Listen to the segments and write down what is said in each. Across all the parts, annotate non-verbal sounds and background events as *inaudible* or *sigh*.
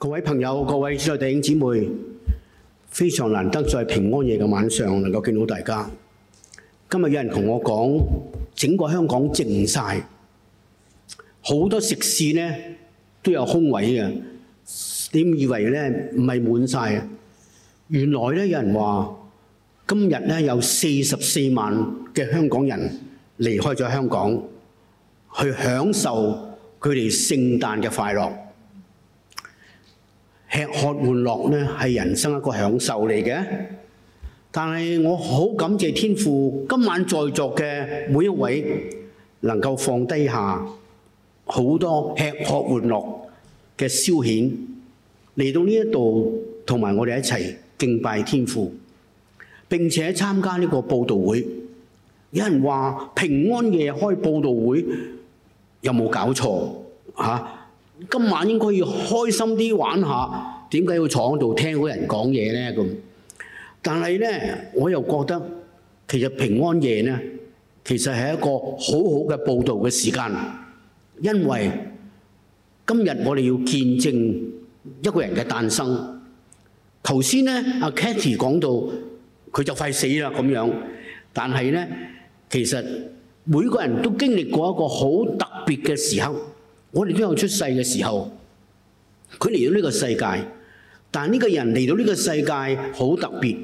各位朋友、各位弟兄姊妹，非常難得在平安夜嘅晚上能夠見到大家。今日有人同我講，整個香港靜曬，好多食肆呢都有空位嘅。點以為呢唔係滿曬？原來呢有人話，今日呢有四十四萬嘅香港人離開咗香港，去享受佢哋聖誕嘅快樂。吃喝玩樂呢，係人生一個享受嚟嘅，但係我好感謝天父，今晚在座嘅每一位能夠放低下好多吃喝玩樂嘅消遣，嚟到呢一度同埋我哋一齊敬拜天父，並且參加呢個佈道會。有人話平安夜開佈道會有冇搞錯啊？今晚應該要開心啲玩下，點解要坐喺度聽嗰啲人講嘢呢？咁，但係呢，我又覺得其實平安夜呢，其實係一個好好嘅佈道嘅時間，因為今日我哋要見證一個人嘅誕生。頭先呢，阿 Cathy 講到佢就快死啦咁樣，但係呢，其實每個人都經歷過一個好特別嘅時候。我哋都有出世嘅時候，佢嚟到呢個世界，但呢個人嚟到呢個世界好特別，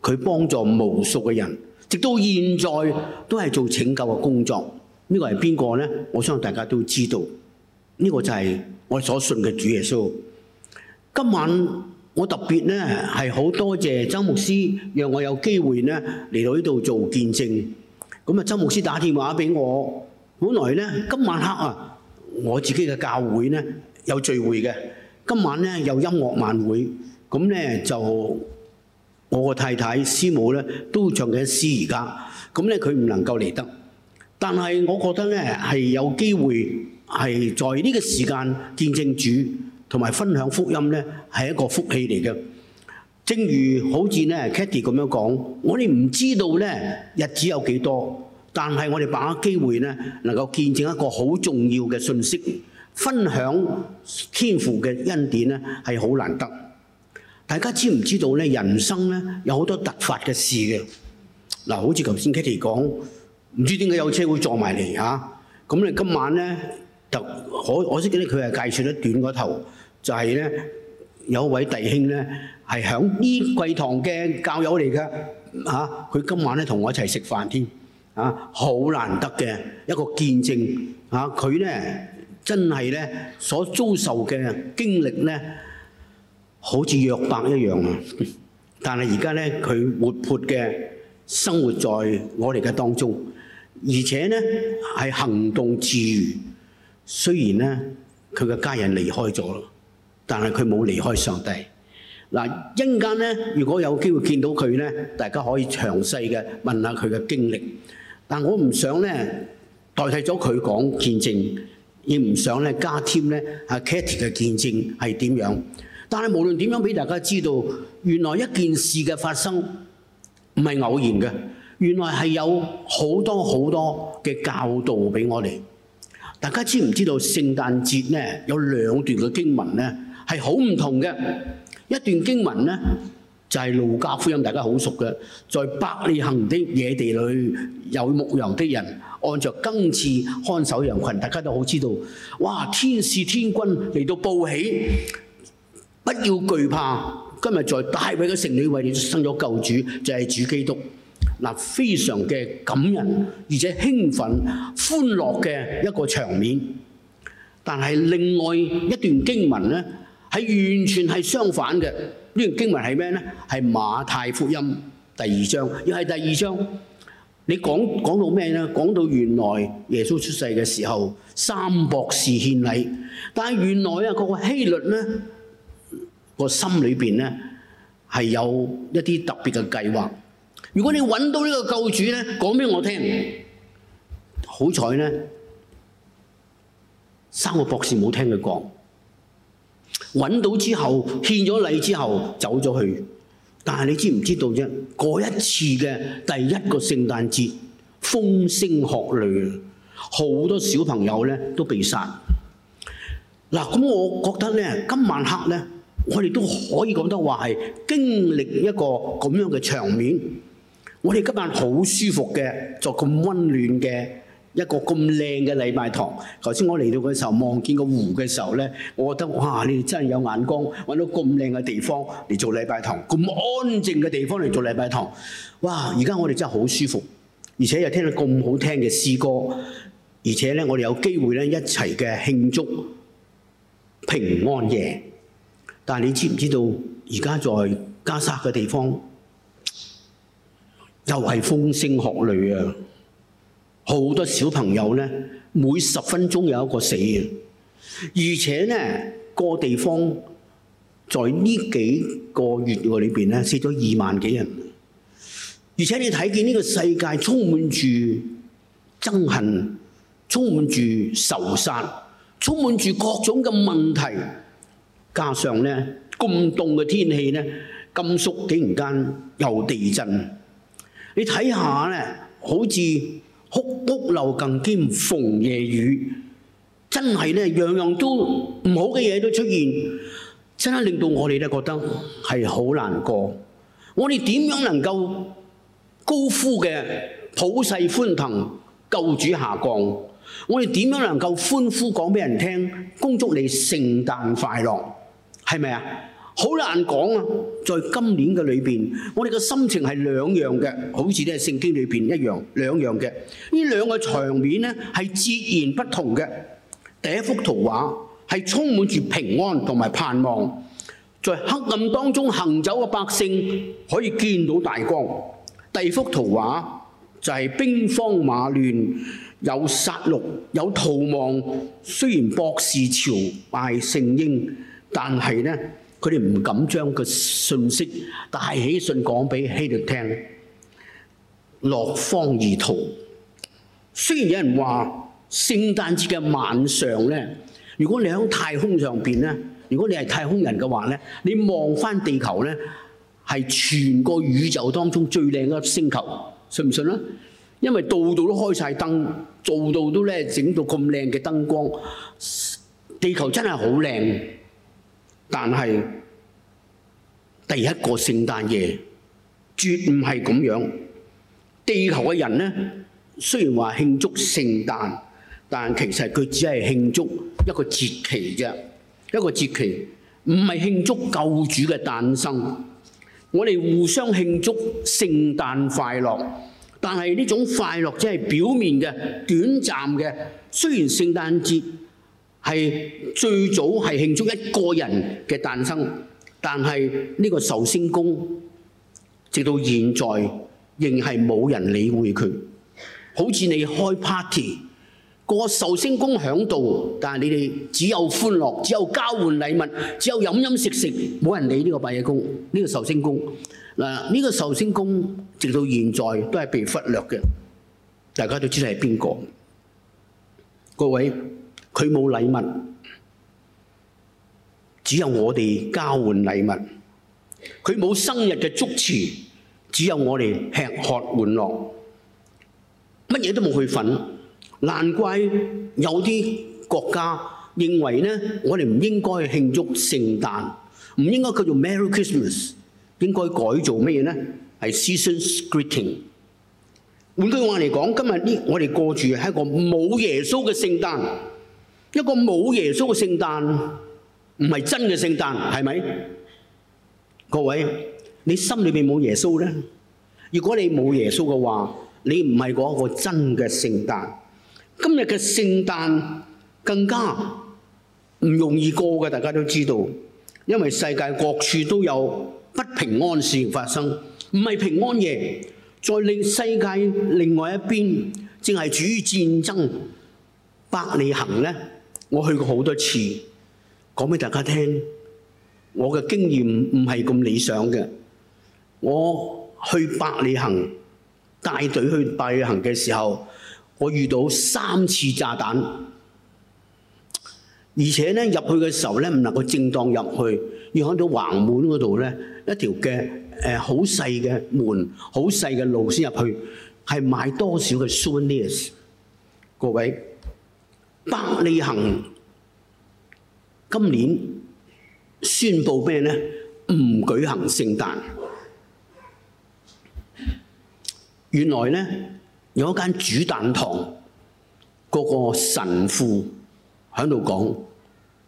佢幫助無數嘅人，直到現在都係做拯救嘅工作。呢個係邊個呢？我相信大家都知道，呢個就係我所信嘅主耶穌。今晚我特別呢，係好多謝周牧師，讓我有機會呢嚟到呢度做見證。咁、嗯、啊，周牧師打電話俾我，本來呢，今晚黑啊～我自己嘅教會呢，有聚會嘅，今晚呢，有音樂晚會，咁呢，就我個太太師母呢，都唱緊詩而家，咁呢，佢唔能夠嚟得，但係我覺得呢，係有機會係在呢個時間見證主同埋分享福音呢，係一個福氣嚟嘅。正如好似呢 Katie *noise* 咁樣講，我哋唔知道呢，日子有幾多。但係我哋把握機會咧，能夠見證一個好重要嘅信息，分享天父嘅恩典咧，係好難得。大家知唔知道咧？人生咧，有好多突發嘅事嘅。嗱，好似頭先 Katie 講，唔知點解有車會撞埋嚟嚇。咁、啊、你、嗯、今晚咧，特我我識得佢係介紹得短嗰頭，就係、是、咧有一位弟兄咧係響呢貴堂嘅教友嚟㗎嚇，佢、啊、今晚咧同我一齊食飯添。啊啊，好難得嘅一個見證啊！佢呢真係呢所遭受嘅經歷呢好似約伯一樣啊！但係而家呢，佢活潑嘅生活在我哋嘅當中，而且呢係行動自如。雖然呢，佢嘅家人離開咗，但係佢冇離開上帝。嗱、啊，一陣間呢，如果有機會見到佢呢，大家可以詳細嘅問下佢嘅經歷。但我唔想咧代替咗佢講見證，亦唔想咧加添咧阿 Katy 嘅見證係點樣。但係無論點樣俾大家知道，原來一件事嘅發生唔係偶然嘅，原來係有好多好多嘅教導俾我哋。大家知唔知道聖誕節咧有兩段嘅經文咧係好唔同嘅一段經文咧？就係路加福音，大家好熟嘅，在伯利恆的野地裏，有牧羊的人按着更次看守羊群，大家都好知道。哇！天使天君嚟到報喜，不要懼怕。今日在大衛嘅城裏為你生咗救主，就係、是、主基督。嗱，非常嘅感人而且興奮歡樂嘅一個場面。但係另外一段經文呢，係完全係相反嘅。呢段經文係咩咧？係馬太福音第二章，又係第二章。你講講到咩咧？講到原來耶穌出世嘅時候，三博士獻禮。但係原來啊，個希律咧，個心裏面咧係有一啲特別嘅計劃。如果你揾到呢個救主咧，講俾我聽。好彩咧，三個博士冇聽佢講。揾到之後，獻咗禮之後走咗去。但係你知唔知道啫？嗰一次嘅第一個聖誕節，風聲鶴唳，好多小朋友咧都被殺。嗱，咁我覺得咧，今晚黑咧，我哋都可以講得話係經歷一個咁樣嘅場面。我哋今晚好舒服嘅，就咁溫暖嘅。一個咁靚嘅禮拜堂，頭先我嚟到嘅時候望見個湖嘅時候咧，我覺得哇！你哋真係有眼光，揾到咁靚嘅地方嚟做禮拜堂，咁安靜嘅地方嚟做禮拜堂，哇！而家我哋真係好舒服，而且又聽到咁好聽嘅詩歌，而且咧我哋有機會咧一齊嘅慶祝平安夜。但係你知唔知道，而家在，在加沙嘅地方又係、就是、風聲鶴唳啊！好多小朋友咧，每十分鐘有一個死嘅，而且呢個地方在呢幾個月裏邊咧死咗二萬幾人，而且你睇見呢個世界充滿住憎恨，充滿住仇殺，充滿住各種嘅問題，加上咧咁凍嘅天氣咧，甘肅竟然間又地震，你睇下咧，好似～屋屋漏更兼逢夜雨，真係咧樣樣都唔好嘅嘢都出現，真係令到我哋咧覺得係好難過。我哋點樣能夠高呼嘅普世歡騰救主下降？我哋點樣能夠歡呼講俾人聽，恭祝你聖誕快樂？係咪啊？好難講啊！在今年嘅裏邊，我哋嘅心情係兩樣嘅，好似呢聖經裏邊一樣兩樣嘅。呢兩個場面呢，係截然不同嘅。第一幅圖畫係充滿住平安同埋盼望，在黑暗當中行走嘅百姓可以見到大光。第二幅圖畫就係兵荒馬亂，有殺戮，有逃亡。雖然博士朝拜聖嬰，但係呢，佢哋唔敢將個信息大喜信講俾希律聽，落荒而逃。雖然有人話聖誕節嘅晚上咧，如果你喺太空上邊咧，如果你係太空人嘅話咧，你望翻地球咧，係全個宇宙當中最靚嘅星球，信唔信啦？因為度度都開晒燈，度度都咧整到咁靚嘅燈光，地球真係好靚。但係第一個聖誕夜，絕唔係咁樣。地球嘅人呢，雖然話慶祝聖誕，但其實佢只係慶祝一個節期啫，一個節期，唔係慶祝救主嘅誕生。我哋互相慶祝聖誕快樂，但係呢種快樂只係表面嘅、短暫嘅。雖然聖誕節，係最早係慶祝一個人嘅誕生，但係呢個壽星公，直到現在仍係冇人理會佢。好似你開 party，個壽星公喺度，但係你哋只有歡樂，只有交換禮物，只有飲飲食食，冇人理呢個拜夜公，呢個壽星公。嗱，呢個壽星公直到現在都係被忽略嘅，大家都知係邊個？各位。佢冇禮物，只有我哋交換禮物。佢冇生日嘅祝詞，只有我哋吃喝玩樂，乜嘢都冇去份。難怪有啲國家認為呢，我哋唔應該慶祝聖誕，唔應該叫做 Merry Christmas，應該改做咩嘢呢？係 Seasons Greeting。換句話嚟講，今日呢，我哋過住係一個冇耶穌嘅聖誕。一個冇耶穌嘅聖誕唔係真嘅聖誕，係咪？各位，你心裏面冇耶穌呢？如果你冇耶穌嘅話，你唔係嗰個真嘅聖誕。今日嘅聖誕更加唔容易過嘅，大家都知道，因為世界各處都有不平安事發生，唔係平安夜。在另世界另外一邊，正係處於戰爭、百里行呢。我去過好多次，講俾大家聽，我嘅經驗唔係咁理想嘅。我去伯利恆帶隊去伯利恆嘅時候，我遇到三次炸彈，而且咧入去嘅時候咧，唔能夠正當入去，要喺到橫門嗰度咧一條嘅誒好細嘅門、好細嘅路先入去，係買多少嘅 souvenirs，各位。百利行今年宣布咩呢？唔舉行聖誕。原來呢，有一間主誕堂，個個神父喺度講：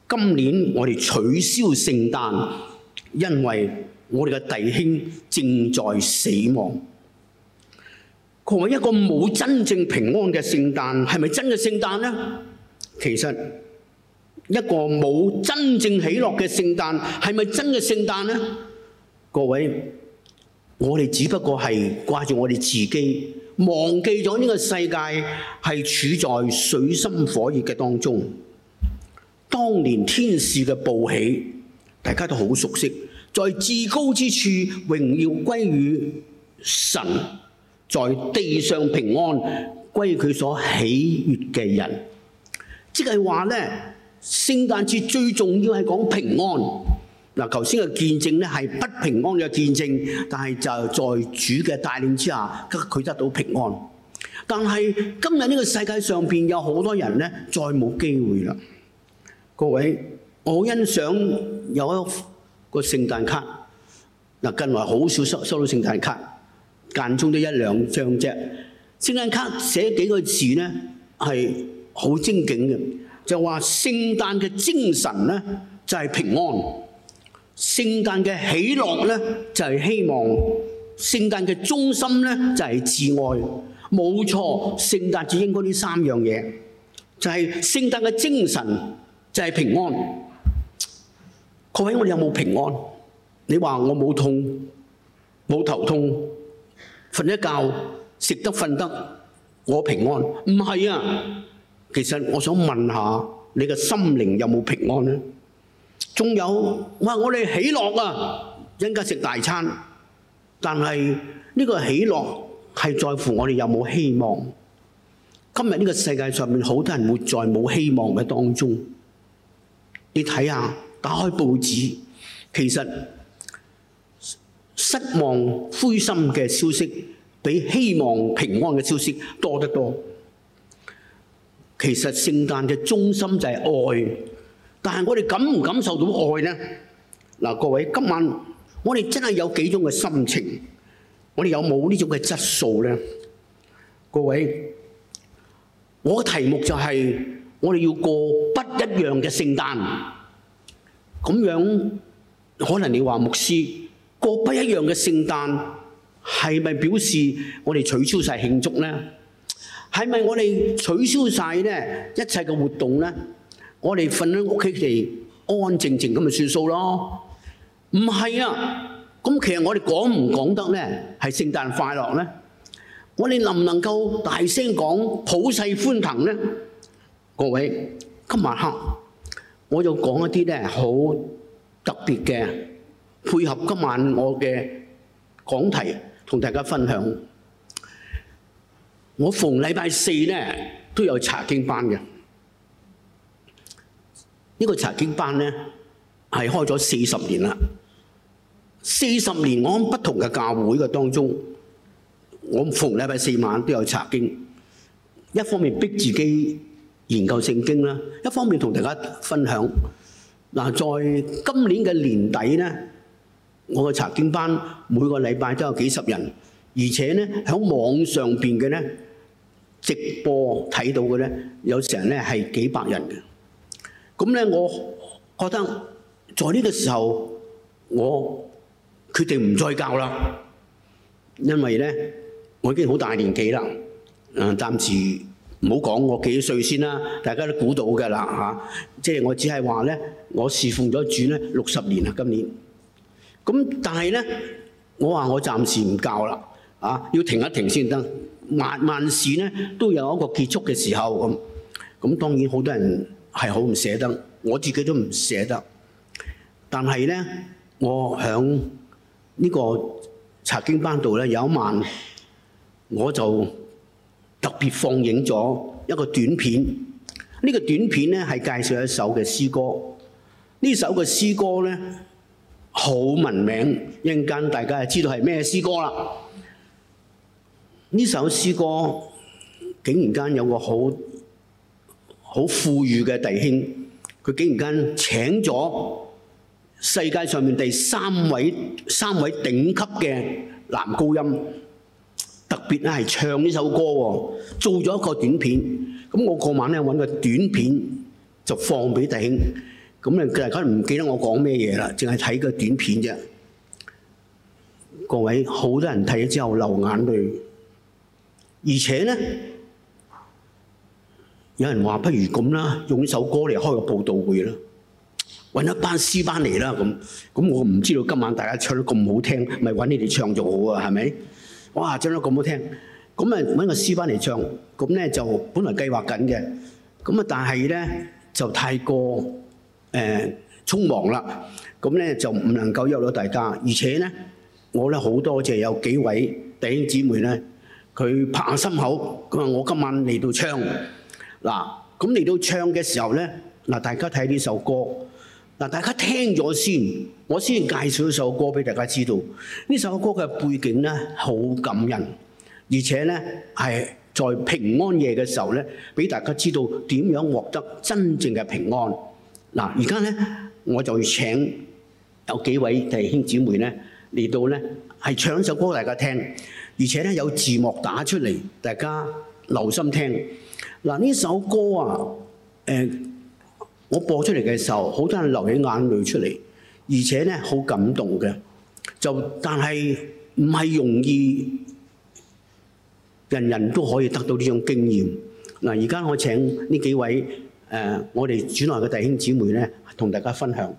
今年我哋取消聖誕，因為我哋嘅弟兄正在死亡。佢話一個冇真正平安嘅聖誕，係咪真嘅聖誕呢？其實一個冇真正喜樂嘅聖誕，係咪真嘅聖誕呢？各位，我哋只不過係掛住我哋自己，忘記咗呢個世界係處在水深火熱嘅當中。當年天使嘅報喜，大家都好熟悉，在至高之處榮耀歸於神，在地上平安歸於佢所喜悅嘅人。即係話咧，聖誕節最重要係講平安。嗱、啊，頭先嘅見證咧係不平安嘅見證，但係就在主嘅帶領之下，佢得到平安。但係今日呢個世界上邊有好多人咧，再冇機會啦。各位，我好欣賞有一個聖誕卡。嗱、啊，近來好少收收到聖誕卡，間中都一兩張啫。聖誕卡寫幾個字咧，係。好精警嘅，就話聖誕嘅精神咧就係平安，聖誕嘅喜樂咧就係希望，聖誕嘅中心咧就係慈愛，冇錯，聖誕就應該呢三樣嘢，就係聖誕嘅精神就係平安。各位，我哋有冇平安？你話我冇痛冇頭痛，瞓一覺食得瞓得，我平安？唔係啊！其實我想問下你嘅心靈有冇平安呢？仲有哇！我哋喜樂啊，應該食大餐，但係呢個喜樂係在乎我哋有冇希望。今日呢個世界上面好多人活在冇希望嘅當中。你睇下，打開報紙，其實失望灰心嘅消息比希望平安嘅消息多得多。其實聖誕嘅中心就係愛，但係我哋感唔感受到愛呢？嗱，各位今晚我哋真係有幾種嘅心情，我哋有冇呢種嘅質素呢？各位，我嘅題目就係我哋要過不一樣嘅聖誕，咁樣可能你話牧師過不一樣嘅聖誕係咪表示我哋取消晒慶祝呢？係咪我哋取消曬咧一切嘅活動咧？我哋瞓喺屋企地安安靜靜咁咪算數咯？唔係啊，咁其實我哋講唔講得咧？係聖誕快樂咧？我哋能唔能夠大聲講普世歡騰咧？各位，今晚黑，我就講一啲咧好特別嘅，配合今晚我嘅講題，同大家分享。我逢禮拜四咧都有查經班嘅，呢個查經班咧係開咗四十年啦。四十年我喺唔同嘅教會嘅當中，我逢禮拜四晚都有查經。一方面逼自己研究聖經啦，一方面同大家分享。嗱，在今年嘅年底咧，我嘅查經班每個禮拜都有幾十人，而且咧喺網上邊嘅咧。直播睇到嘅咧，有時咧係幾百人嘅。咁咧，我覺得在呢個時候，我決定唔再教啦，因為咧，我已經好大年紀啦。誒、呃，暫時唔好講我幾歲先啦，大家都估到㗎啦嚇。即係我只係話咧，我侍奉咗主咧六十年啦，今年。咁、嗯、但係咧，我話我暫時唔教啦，啊，要停一停先得。萬萬事咧都有一個結束嘅時候咁。咁當然好多人係好唔捨得，我自己都唔捨得。但係呢，我響呢個查經班度呢有一晚，我就特別放映咗一個短片。呢、呢個短片呢係介紹一首嘅詩歌，呢首嘅詩歌呢，好聞名，一陣間大家就知道係咩詩歌啦。呢首詩歌，竟然間有個好富裕嘅弟兄，佢竟然間請咗世界上面第三位、三位頂級嘅男高音，特別咧係唱呢首歌，做咗一個短片。咁我過晚咧揾個短片就放俾弟兄，咁咧大家唔記得我講咩嘢啦，淨係睇個短片啫。各位，好多人睇咗之後流眼淚。而且咧，有人話不如咁啦，用首歌嚟開個佈道會啦，揾一班詩班嚟啦咁。咁我唔知道今晚大家唱得咁好聽，咪揾你哋唱就好啊，係咪？哇，唱得咁好聽，咁啊，揾個詩班嚟唱，咁咧就本來計劃緊嘅。咁啊，但係咧就太過誒匆忙啦，咁咧就唔能夠邀到大家。而且咧，我咧好多謝有幾位弟兄姊妹咧。佢拍下心口，佢話：我今晚嚟到唱。嗱，咁嚟到唱嘅時候呢，嗱大家睇呢首歌，嗱大家聽咗先，我先介紹一首歌俾大家知道。呢首歌嘅背景呢，好感人，而且呢，係在平安夜嘅時候呢，俾大家知道點樣獲得真正嘅平安。嗱，而家呢，我就要請有幾位弟兄姊妹呢，嚟到呢，係唱首歌給大家聽。而且咧有字幕打出嚟，大家留心聽。嗱，呢首歌啊，誒我播出嚟嘅時候，好多人流起眼淚出嚟，而且咧好感動嘅。就但係唔係容易，人人都可以得到呢種經驗。嗱，而家我請呢幾位誒我哋主內嘅弟兄姊妹咧，同大家分享。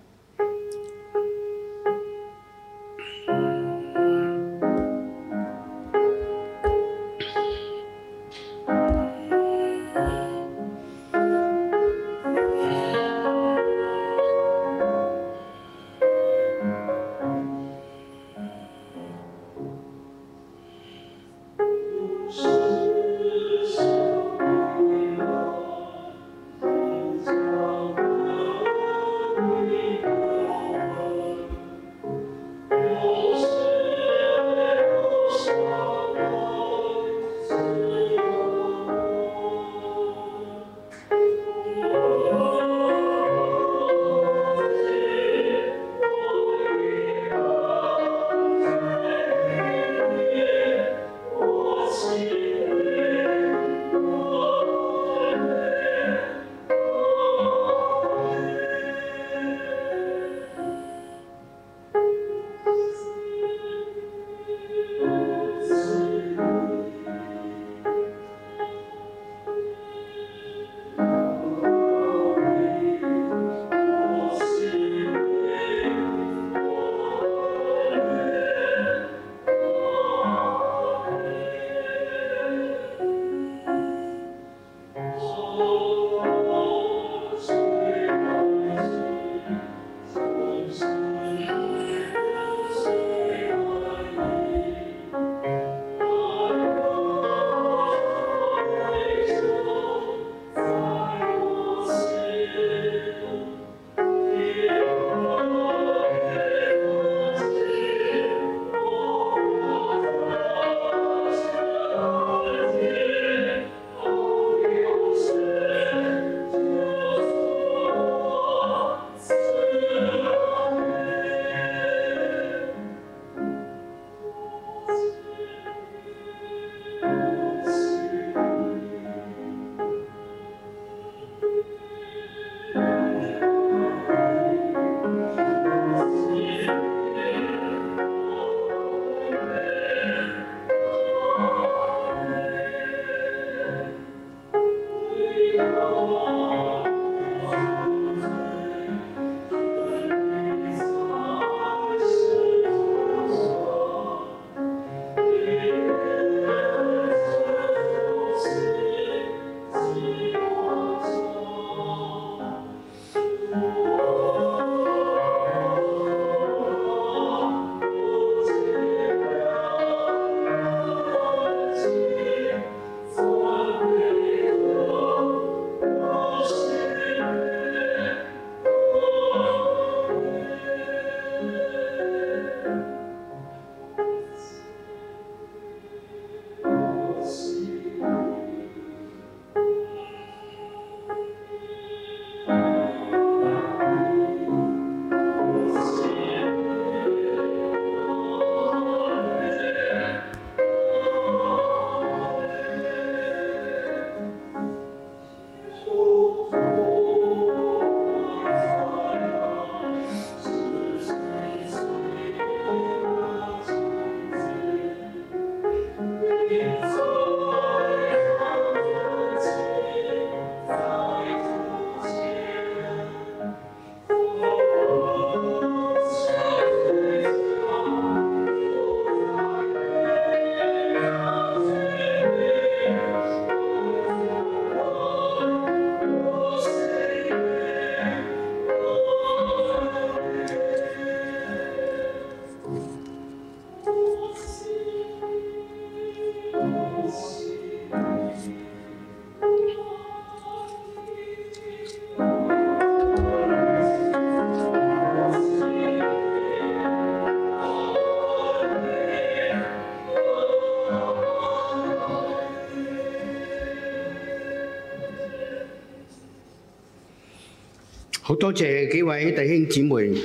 多謝幾位弟兄姊妹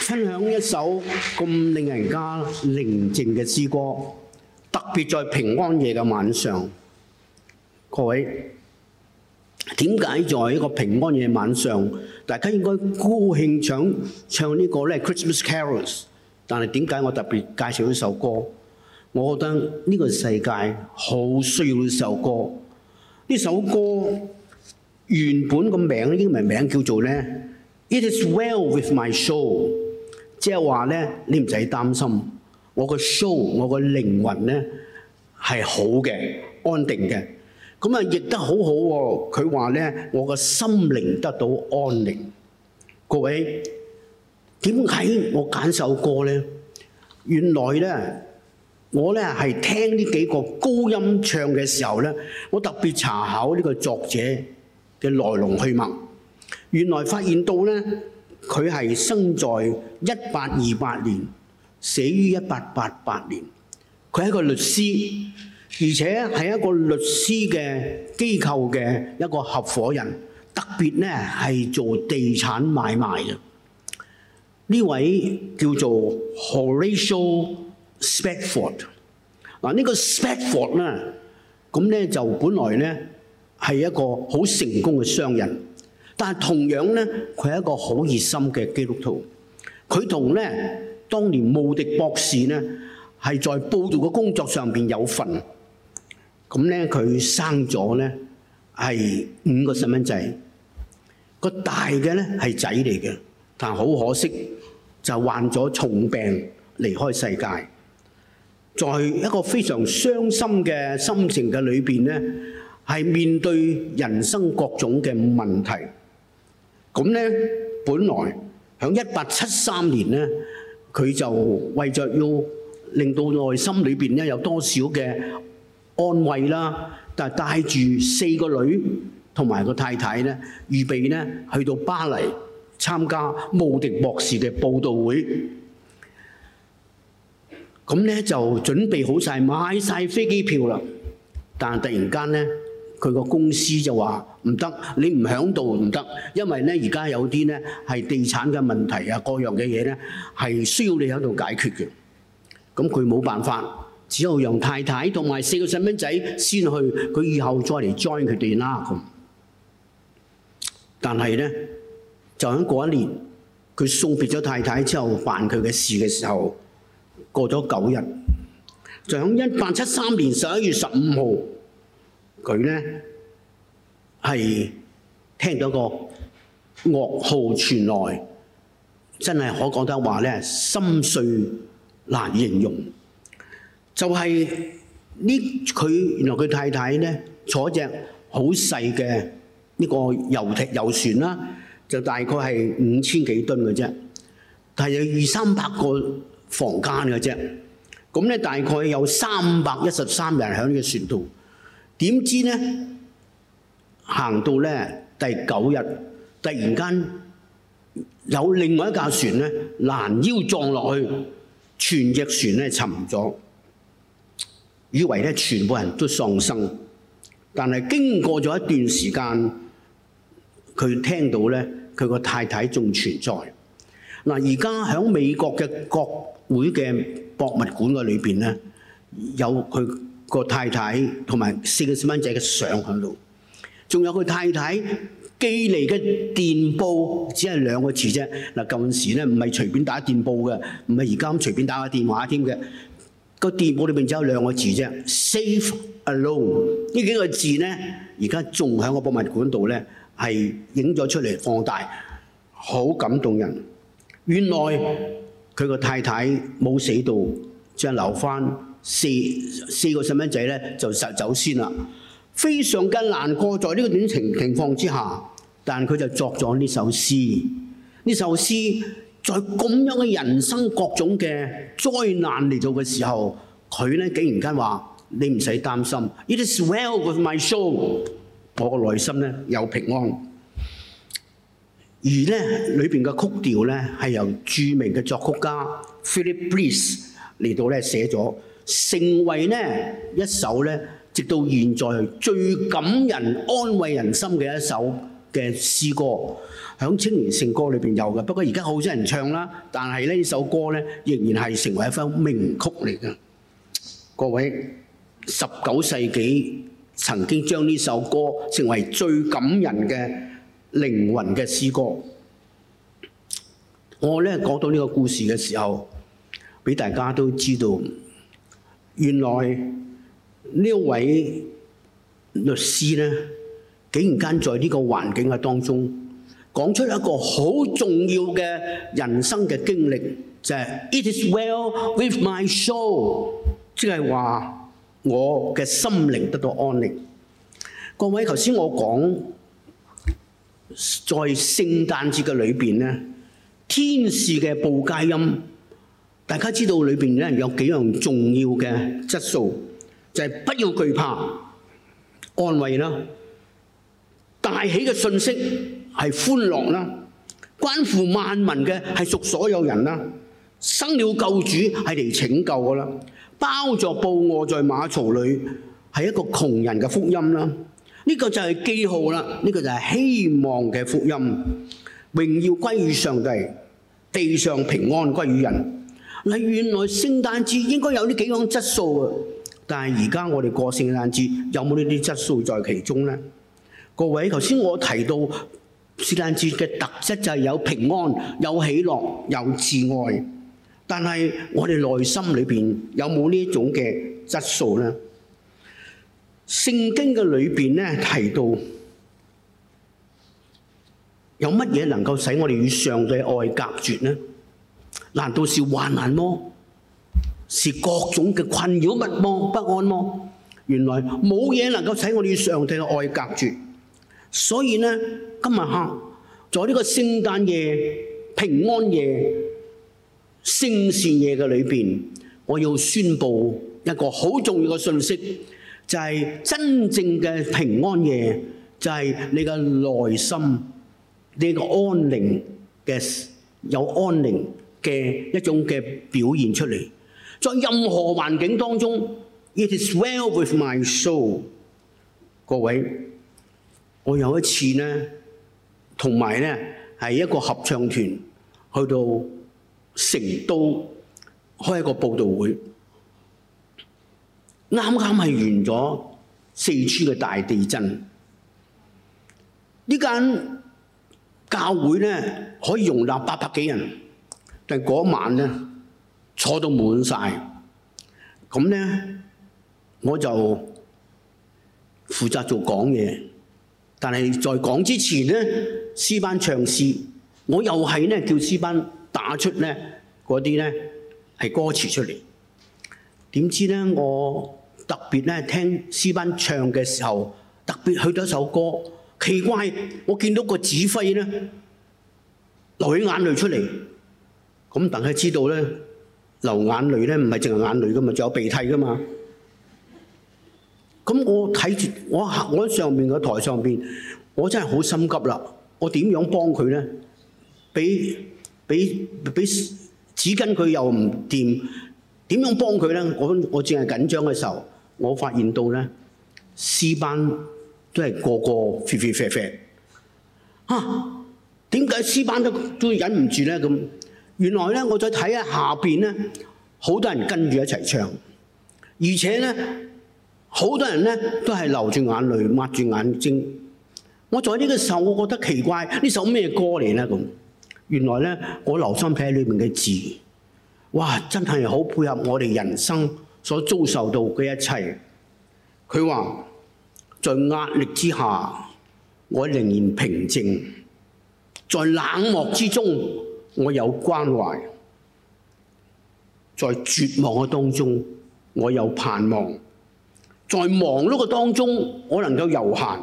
分享一首咁令人家寧靜嘅詩歌，特別在平安夜嘅晚上，各位點解在一個平安夜晚上，大家應該高興唱唱呢個咧 Christmas Carols？但係點解我特別介紹呢首歌？我覺得呢個世界好需要呢首歌，呢首歌。原本個名英文名叫做呢，It is well with my soul，即係話呢，你唔使擔心，我個 soul，我個靈魂呢係好嘅、安定嘅，咁啊譯得好好，佢話呢，我個心靈得到安寧。各位，點解我揀首歌呢？原來呢，我呢係聽呢幾個高音唱嘅時候呢，我特別查考呢個作者嘅來龍去脈，原來發現到呢，佢係生在一八二八年，死於一八八八年。佢係一個律師，而且係一個律師嘅機構嘅一個合夥人。特別呢係做地產買賣嘅。呢位叫做 Horatio Spafford。嗱，呢個 Spafford 呢，咁呢就本來呢。係一個好成功嘅商人，但係同樣咧，佢係一個好熱心嘅基督徒。佢同咧當年慕迪博士咧，係在佈道嘅工作上邊有份。咁咧，佢生咗咧係五個細蚊仔，個大嘅咧係仔嚟嘅，但係好可惜就患咗重病離開世界。在一個非常傷心嘅心情嘅裏邊咧。係面對人生各種嘅問題，咁咧，本來響一八七三年咧，佢就為著要令到內心裏邊咧有多少嘅安慰啦，但係帶住四個女同埋個太太咧，預備咧去到巴黎參加慕迪博士嘅佈道會，咁咧就準備好晒買晒飛機票啦，但係突然間咧。佢個公司就話唔得，你唔響度唔得，因為咧而家有啲咧係地產嘅問題啊，各樣嘅嘢咧係需要你喺度解決嘅。咁佢冇辦法，只有讓太太同埋四個細蚊仔先去，佢以後再嚟 join 佢哋啦。咁，但係咧就喺嗰一年，佢送別咗太太之後，辦佢嘅事嘅時候，過咗九日，就喺一八七三年十一月十五號。佢咧係聽到個噩耗傳來，真係可講得話咧，心碎難形容。就係、是、呢，佢原來佢太太咧坐隻好細嘅呢個遊艇、遊船啦，就大概係五千幾噸嘅啫，但係有二三百個房間嘅啫。咁咧大概有三百一十三人喺呢個船度。點知咧？行到咧第九日，突然間有另外一架船咧，攔腰撞落去，全隻船咧沉咗。以為咧全部人都喪生，但係經過咗一段時間，佢聽到咧佢個太太仲存在。嗱、啊，而家喺美國嘅國會嘅博物館個裏邊咧，有佢個太太同埋四個細蚊仔嘅相喺度，仲有佢太太寄嚟嘅電報，只係兩個字啫。嗱，舊時咧唔係隨便打電報嘅，唔係而家咁隨便打個電話添嘅。個電報裏邊只有兩個字啫，safe alone。呢幾個字咧，而家仲喺個博物館度咧，係影咗出嚟放大，好感動人。原來佢個太太冇死到，只係留翻。四四個細蚊仔咧就殺走先啦，非常之難過，在呢個短情情況之下，但佢就作咗呢首詩。呢首詩在咁樣嘅人生各種嘅災難嚟到嘅時候，佢咧竟然間話：你唔使擔心，It is well with my soul。我個內心咧有平安。而咧裏邊嘅曲調咧係由著名嘅作曲家 Philip Bliss 嚟到咧寫咗。成為呢一首呢，直到現在最感人、安慰人心嘅一首嘅詩歌，喺青年聖歌裏邊有嘅。不過而家好少人唱啦，但係呢首歌呢仍然係成為一首名曲嚟嘅。各位，十九世紀曾經將呢首歌成為最感人嘅靈魂嘅詩歌。我呢講到呢個故事嘅時候，俾大家都知道。原來呢位律師呢，竟然間在呢個環境嘅當中，講出了一個好重要嘅人生嘅經歷，就係、是、It is well with my soul，即係話我嘅心靈得到安寧。各位頭先我講，在聖誕節嘅裏面呢，天使嘅報佳音，大家知道裏邊咧有幾樣重要嘅質素，就係不要懼怕，安慰啦，大喜嘅信息係歡樂啦，關乎萬民嘅係屬所有人啦，生了救主係嚟拯救噶啦，包著布臥在馬槽裏係一個窮人嘅福音啦，呢個就係記號啦，呢個就係希望嘅福音，榮耀歸於上帝，地上平安歸於人。原來聖誕節應該有呢幾樣質素嘅，但係而家我哋過聖誕節有冇呢啲質素在其中呢？各位，頭先我提到聖誕節嘅特質就係有平安、有喜樂、有慈愛，但係我哋內心裏邊有冇呢一種嘅質素呢？聖經嘅裏邊咧提到，有乜嘢能夠使我哋與上帝嘅愛隔絕呢？難道是患難麼？是各種嘅困擾不麼不安麼？原來冇嘢能夠使我哋與上帝嘅愛隔絕。所以咧，今日黑，在呢個聖誕夜、平安夜、聖善夜嘅裏面，我要宣布一個好重要嘅訊息，就係真正嘅平安夜，就係你嘅內心，你嘅安寧嘅有安寧。嘅一種嘅表現出嚟，在任何環境當中，it is well with my soul。各位，我有一次呢，同埋呢係一個合唱團去到成都開一個佈道會，啱啱係完咗四川嘅大地震，呢間教會呢，可以容納八百幾人。嗰晚咧坐到滿晒，咁咧我就負責做講嘢。但係在講之前咧，詩班唱詩，我又係咧叫詩班打出咧嗰啲咧係歌詞出嚟。點知咧我特別咧聽詩班唱嘅時候，特別去到一首歌，奇怪，我見到個指揮咧流起眼淚出嚟。咁但係知道咧，流眼淚咧唔係淨係眼淚噶嘛，仲有鼻涕噶嘛。咁我睇住我我喺上面個台上邊，我真係好心急啦！我點樣幫佢咧？俾俾俾紙巾佢又唔掂，點樣幫佢咧？我我正係緊張嘅時候，我發現到咧，詩班都係個個啡啡啡啡。嚇、啊？點解詩班都都忍唔住咧咁？原來咧，我再睇下下邊咧，好多人跟住一齊唱，而且咧，好多人咧都係流住眼淚，抹住眼睛。我在呢個時候，我覺得奇怪，這首什麼呢首咩歌嚟咧？咁原來咧，我留心睇裏面嘅字，哇，真係好配合我哋人生所遭受到嘅一切。佢話在壓力之下，我仍然平靜；在冷漠之中。我有關懷，在絕望嘅當中，我有盼望；在忙碌嘅當中，我能夠遊閒；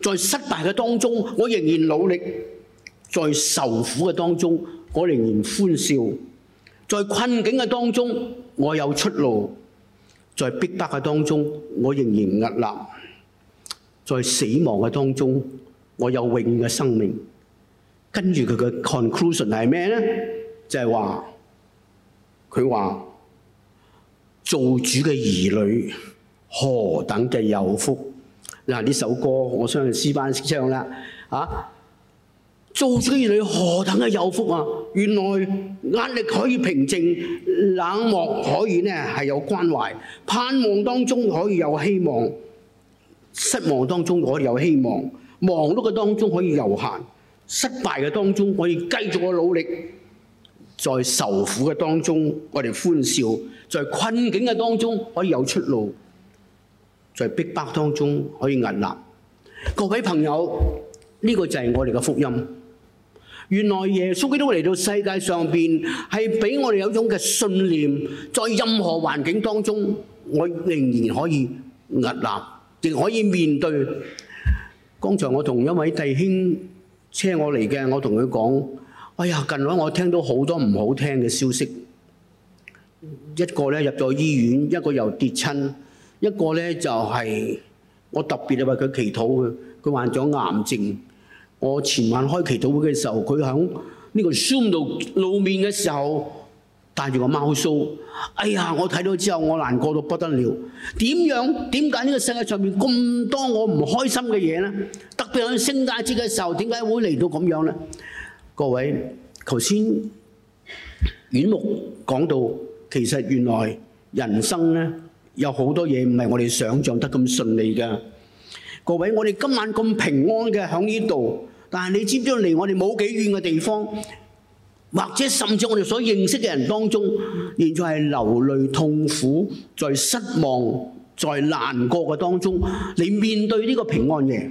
在失敗嘅當中，我仍然努力；在受苦嘅當中，我仍然歡笑；在困境嘅當中，我有出路；在逼迫嘅當中，我仍然屹立；在死亡嘅當中，我有永遠嘅生命。跟住佢嘅 conclusion 係咩咧？就係、是、話，佢話做主嘅兒女何等嘅有福嗱！呢、啊、首歌我相信詩班識唱啦啊！做主嘅兒女何等嘅有福啊！原來壓力可以平靜，冷漠可以咧係有關懷，盼望當中可以有希望，失望當中可以有希望，忙碌嘅當中可以悠閒。失敗嘅當中，我哋繼續嘅努力；在受苦嘅當中，我哋歡笑；在困境嘅當中，可以有出路；在逼迫,迫當中，可以屹立。各位朋友，呢個就係我哋嘅福音。原來耶穌基督嚟到世界上邊，係俾我哋有一種嘅信念，在任何環境當中，我仍然可以屹立，亦可以面對。剛才我同一位弟兄。車我嚟嘅，我同佢講，哎呀，近來我聽到好多唔好聽嘅消息，一個呢入咗醫院，一個又跌親，一個呢就係、是、我特別係為佢祈禱嘅，佢患咗癌症。我前晚開祈禱會嘅時候，佢喺呢個 Zoom 度露面嘅時候，戴住個貓須，哎呀，我睇到之後我難過到不得了。點樣？點解呢個世界上面咁多我唔開心嘅嘢呢？喺聖誕節嘅時候，點解會嚟到咁樣呢？各位，頭先遠木講到，其實原來人生呢有好多嘢唔係我哋想象得咁順利嘅。各位，我哋今晚咁平安嘅喺呢度，但係你知唔知離我哋冇幾遠嘅地方，或者甚至我哋所認識嘅人當中，現在係流淚痛苦、在失望、在難過嘅當中，你面對呢個平安夜。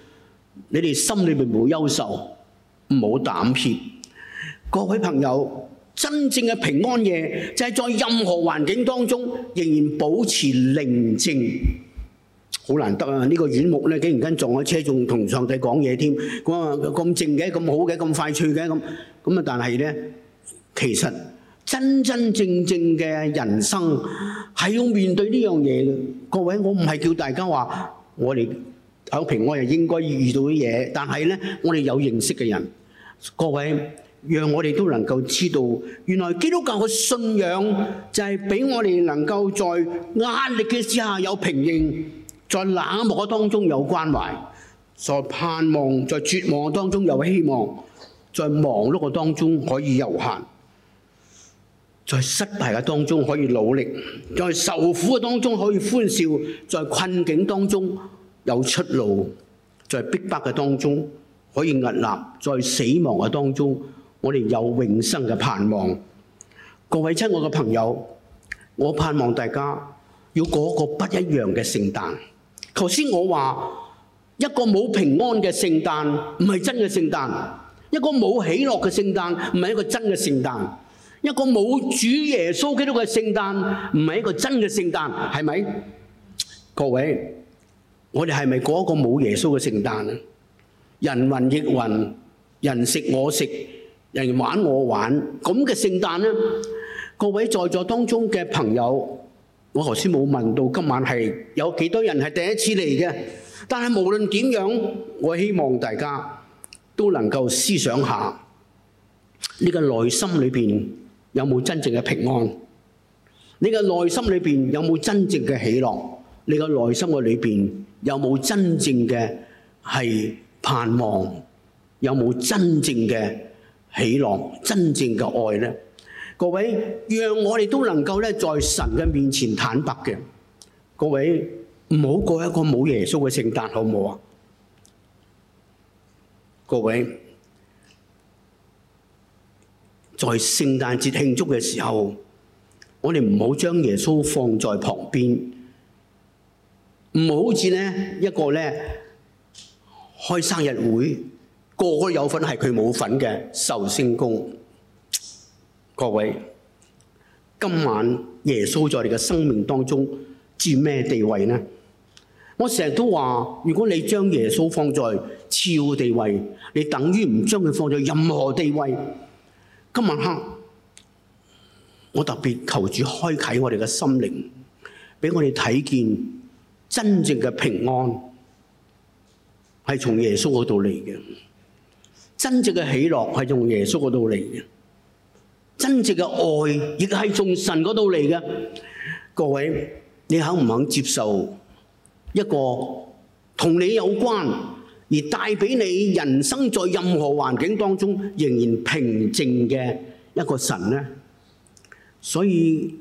你哋心裏面冇憂愁，冇膽怯。各位朋友，真正嘅平安夜就係、是、在任何環境當中仍然保持寧靜，好難得啊！呢、這個遠目呢，竟然撞了跟撞喺車仲同上帝講嘢添。咁啊，咁靜嘅，咁好嘅，咁快趣嘅，咁。但係呢，其實真真正正嘅人生係要面對呢樣嘢。各位，我唔係叫大家話我哋。喺平安又應該遇到啲嘢，但係呢，我哋有認識嘅人，各位，讓我哋都能夠知道，原來基督教嘅信仰就係俾我哋能夠在壓力嘅之下有平靜，在冷漠當中有關懷，在盼望在絕望當中有希望，在忙碌嘅當中可以悠閒，在失敗嘅當中可以努力，在受苦嘅當中可以歡笑，在困境當中，有出路，在逼迫嘅當中可以屹立，在死亡嘅當中，我哋有永生嘅盼望。各位親愛嘅朋友，我盼望大家要過一個不一樣嘅聖誕。頭先我話一個冇平安嘅聖誕唔係真嘅聖誕，一個冇喜樂嘅聖誕唔係一個真嘅聖誕，一個冇主耶穌基督嘅聖誕唔係一個真嘅聖誕，係咪？各位。我哋係咪嗰個冇耶穌嘅聖誕啊？人雲亦雲，人食我食，人玩我玩，咁嘅聖誕呢？各位在座當中嘅朋友，我頭先冇問到今晚係有幾多人係第一次嚟嘅，但係無論點樣，我希望大家都能夠思想下你嘅內心裏邊有冇真正嘅平安？你嘅內心裏邊有冇真正嘅喜樂？你嘅內心嘅裏邊？有冇真正嘅係盼望？有冇真正嘅喜樂？真正嘅愛呢？各位，讓我哋都能夠呢，在神嘅面前坦白嘅。各位，唔好過一個冇耶穌嘅聖誕，好唔好啊？各位，在聖誕節慶祝嘅時候，我哋唔好將耶穌放在旁邊。唔好似呢一個咧開生日會，個個有份係佢冇份嘅壽星公。各位，今晚耶穌在你嘅生命當中佔咩地位呢？我成日都話，如果你將耶穌放在次要地位，你等於唔將佢放在任何地位。今晚黑，我特別求主開啟我哋嘅心靈，俾我哋睇見。真正嘅平安係從耶穌嗰度嚟嘅，真正嘅喜樂係從耶穌嗰度嚟嘅，真正嘅愛亦係從神嗰度嚟嘅。各位，你肯唔肯接受一個同你有關而帶俾你人生在任何環境當中仍然平靜嘅一個神呢？所以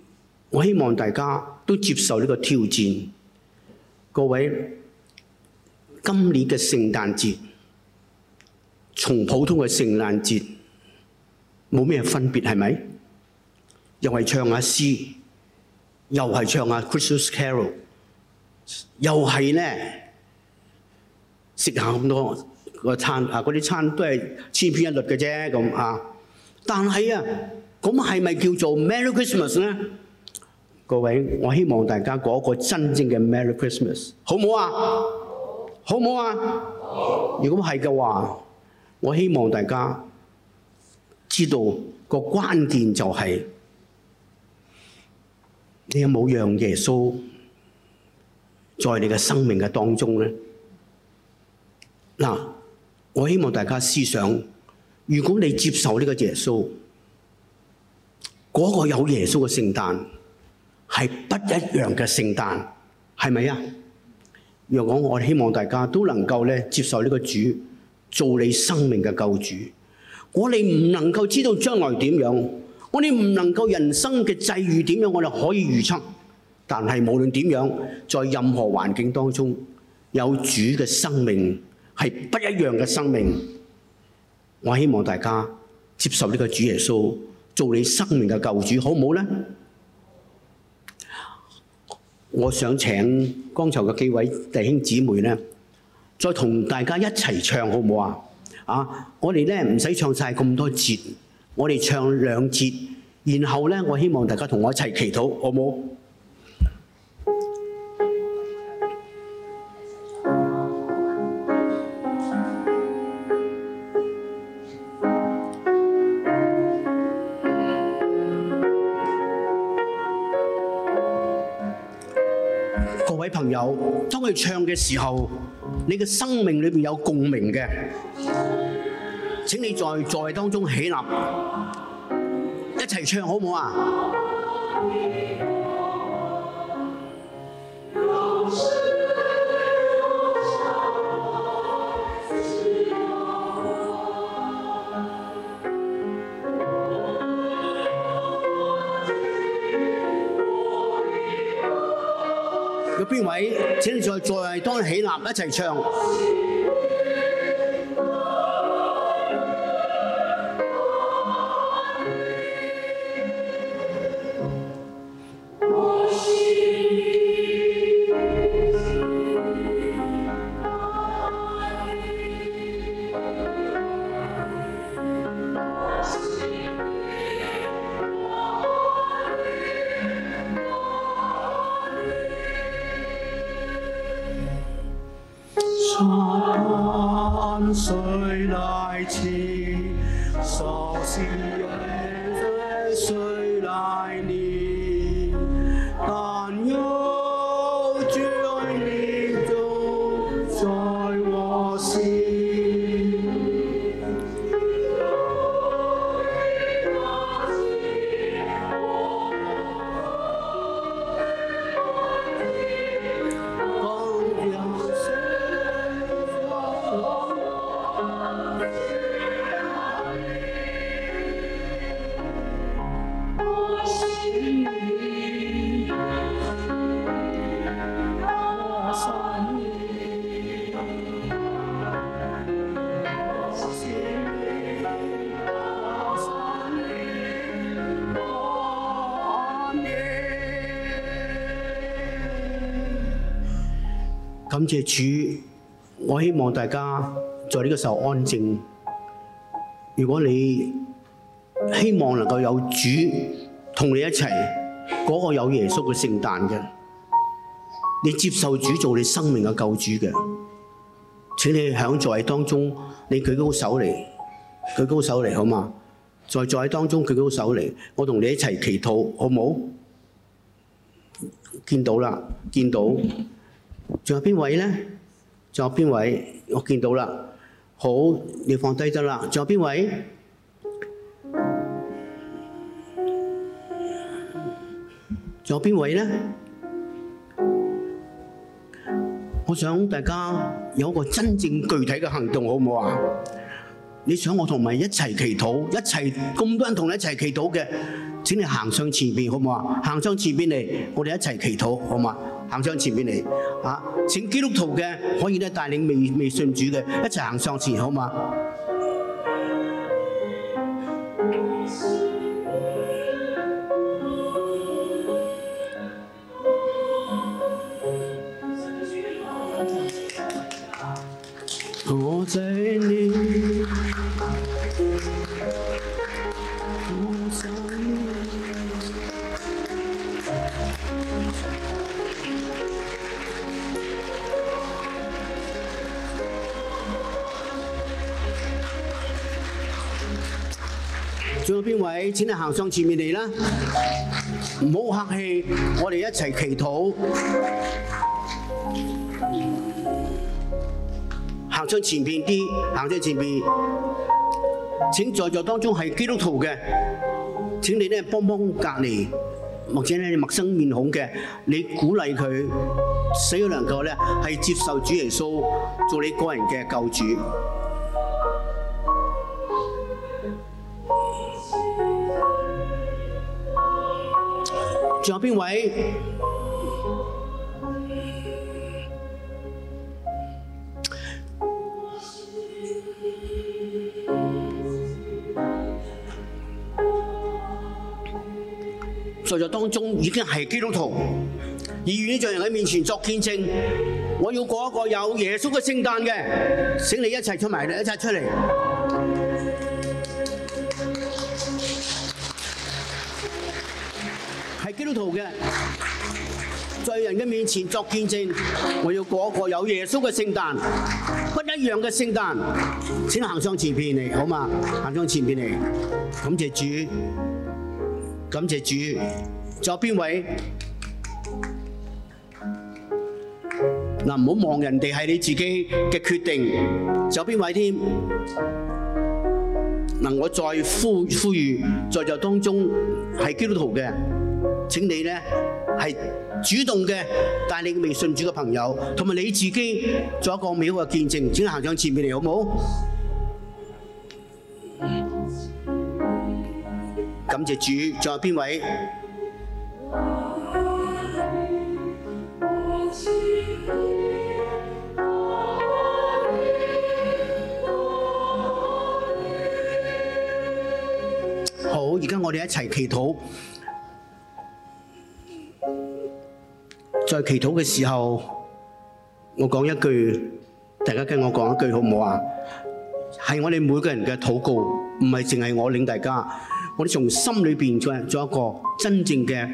我希望大家都接受呢個挑戰。各位，今年嘅聖誕節，從普通嘅聖誕節，冇咩分別係咪？又係唱下詩，又係唱下 Christmas Carol，又係呢食下咁多個餐啊！嗰啲餐都係千篇一律嘅啫咁啊！但係啊，咁係咪叫做 Merry Christmas 呢？各位，我希望大家過一個真正嘅 Merry Christmas，好唔好啊？好唔好啊？如果唔係嘅話，我希望大家知道個關鍵就係你有冇讓耶穌在你嘅生命嘅當中呢。嗱，我希望大家思想，如果你接受呢個耶穌，嗰個有耶穌嘅聖誕。係不一樣嘅聖誕，係咪呀？若果我希望大家都能夠咧接受呢個主做你生命嘅救主，我哋唔能夠知道將來點樣，我哋唔能夠人生嘅際遇點樣，我哋可以預測。但係無論點樣，在任何環境當中，有主嘅生命係不一樣嘅生命。我希望大家接受呢個主耶穌做你生命嘅救主，好唔好呢？我想請剛才嘅幾位弟兄姊妹呢，再同大家一齊唱好唔好啊？我哋呢唔使唱曬咁多節，我哋唱兩節，然後呢，我希望大家同我一齊祈禱，好唔好？唱嘅時候，你嘅生命裏面有共鳴嘅。請你在座位當中起立，一齊唱好唔好啊？邊位，請你在座位當中起立，一齊唱。主，我希望大家在呢個時候安靜。如果你希望能夠有主同你一齊嗰個有耶穌嘅聖誕嘅，你接受主做你生命嘅救主嘅，請你響座位當中，你舉高手嚟，舉高手嚟好嘛？在座位當中舉高手嚟，我同你一齊祈禱，好冇？見到啦，見到。仲有邊位咧？仲有邊位？我見到啦，好，你放低得啦。仲有邊位？仲有邊位咧？我想大家有個真正具體嘅行動，好唔好啊？你想我同埋一齊祈禱，一齊咁多人同你一齊祈禱嘅，請你行上前面，好唔好啊？行上前邊嚟，我哋一齊祈禱，好嘛？行上前面嚟，啊！請基督徒嘅可以咧帶領未信主嘅一齊行上前，好嗎？嗯請你行上前面嚟啦，唔好客氣，我哋一齊祈禱，行上前邊啲，行上前邊，請在座當中係基督徒嘅，請你咧幫幫隔籬或者咧陌生面孔嘅，你鼓勵佢，使佢能夠咧係接受主耶穌做你個人嘅救主。仲有邊位在座當中已經是基督徒，而願意在人的面前作見證，我要過一個有耶穌嘅聖誕嘅，請你一齊出埋，一齊出嚟。基督徒嘅，在人嘅面前作見證，我要過一個有耶穌嘅聖誕，不一樣嘅聖誕，先行上前邊嚟，好嗎？行上前邊嚟，感謝主，感謝主。仲有邊位？嗱、啊，唔好望人哋，係你自己嘅決定。仲有邊位添？嗱、啊，我再呼呼籲，在座當中係基督徒嘅。請你呢係主動嘅帶你未信主嘅朋友，同埋你自己做一個美好嘅見證，請你行上前面嚟好唔好？感謝主，仲有邊位？好，而家我哋一齊祈禱。在祈禱嘅時候，我講一句，大家跟我講一句，好唔好啊？係我哋每個人嘅禱告，唔係淨係我領大家，我哋從心裏邊心裏面再做一個真正嘅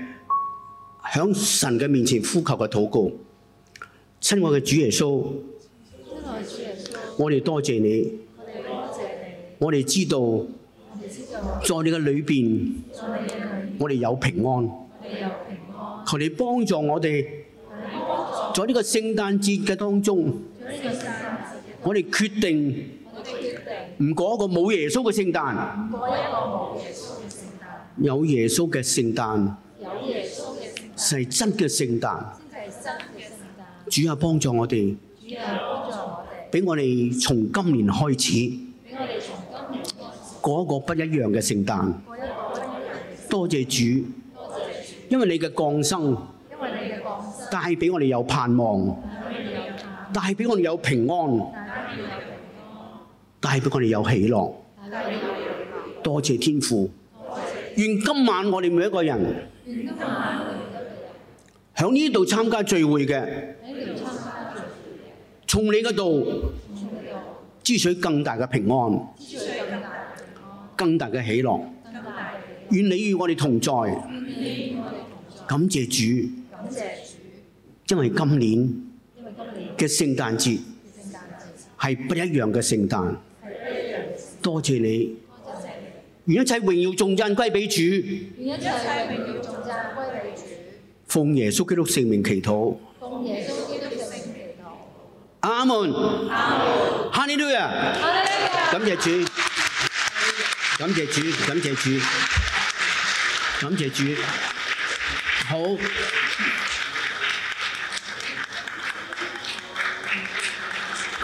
響神嘅面前呼求嘅禱告。親愛嘅主耶穌，我哋多謝，謝你，我哋知道，在你嘅裏面，我哋有平安，求你幫助我哋。在呢個聖誕節嘅當中，我哋決定唔過一個冇耶穌嘅聖誕，有耶穌嘅聖誕，係真嘅聖誕。主要係幫助我哋，俾我哋從今年開始過一個不一樣嘅聖誕。多謝主，因為你嘅降生。帶俾我哋有盼望，帶俾我哋有平安，帶俾我哋有喜樂。多謝天父，願今晚我哋每一個人，響呢度參加聚會嘅，從你嗰度，支取更大嘅平安，更大嘅喜樂。願你與我哋同在，感謝主。因為今年嘅聖誕節係不一樣嘅聖誕，多謝你，願一切榮耀頌讚歸俾主，奉耶穌基督聖名祈禱，阿門。哈利路亞！感謝主，感謝主，感謝主，感謝主。好。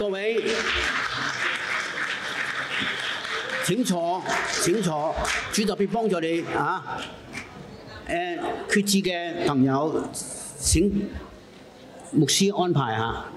各位請坐，請坐，主特別幫助你啊！誒、呃，決志嘅朋友請牧師安排下。